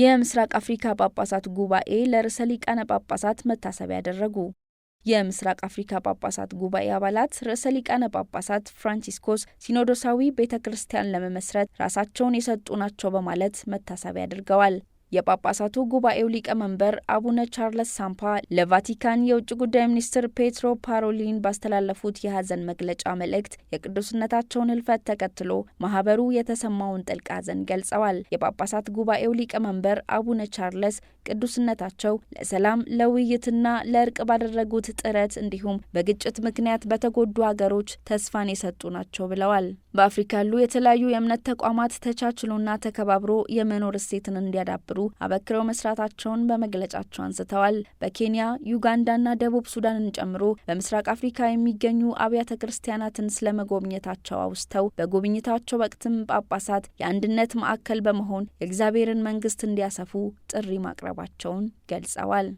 የምስራቅ አፍሪካ ጳጳሳት ጉባኤ ለርዕሰ ሊቃነ ጳጳሳት መታሰቢያ ያደረጉ። የምስራቅ አፍሪካ ጳጳሳት ጉባኤ አባላት ርዕሰ ሊቃነ ጳጳሳት ፍራንቺስኮስ ሲኖዶሳዊ ቤተ ክርስቲያን ለመመስረት ራሳቸውን የሰጡ ናቸው በማለት መታሰቢያ አድርገዋል። የጳጳሳቱ ጉባኤው ሊቀመንበር አቡነ ቻርለስ ሳምፓ ለቫቲካን የውጭ ጉዳይ ሚኒስትር ፔትሮ ፓሮሊን ባስተላለፉት የሀዘን መግለጫ መልእክት የቅዱስነታቸውን ህልፈት ተከትሎ ማህበሩ የተሰማውን ጥልቅ ሀዘን ገልጸዋል። የጳጳሳት ጉባኤው ሊቀመንበር አቡነ ቻርለስ ቅዱስነታቸው ለሰላም ለውይይትና ለእርቅ ባደረጉት ጥረት እንዲሁም በግጭት ምክንያት በተጎዱ ሀገሮች ተስፋን የሰጡ ናቸው ብለዋል። በአፍሪካ ያሉ የተለያዩ የእምነት ተቋማት ተቻችሎና ተከባብሮ የመኖር እሴትን እንዲያዳብሩ አበክረው መስራታቸውን በመግለጫቸው አንስተዋል። በኬንያ ዩጋንዳና ደቡብ ሱዳንን ጨምሮ በምስራቅ አፍሪካ የሚገኙ አብያተ ክርስቲያናትን ስለመጎብኘታቸው አውስተው በጉብኝታቸው ወቅትም ጳጳሳት የአንድነት ማዕከል በመሆን የእግዚአብሔርን መንግስት እንዲያሰፉ ጥሪ ማቅረባቸውን ገልጸዋል።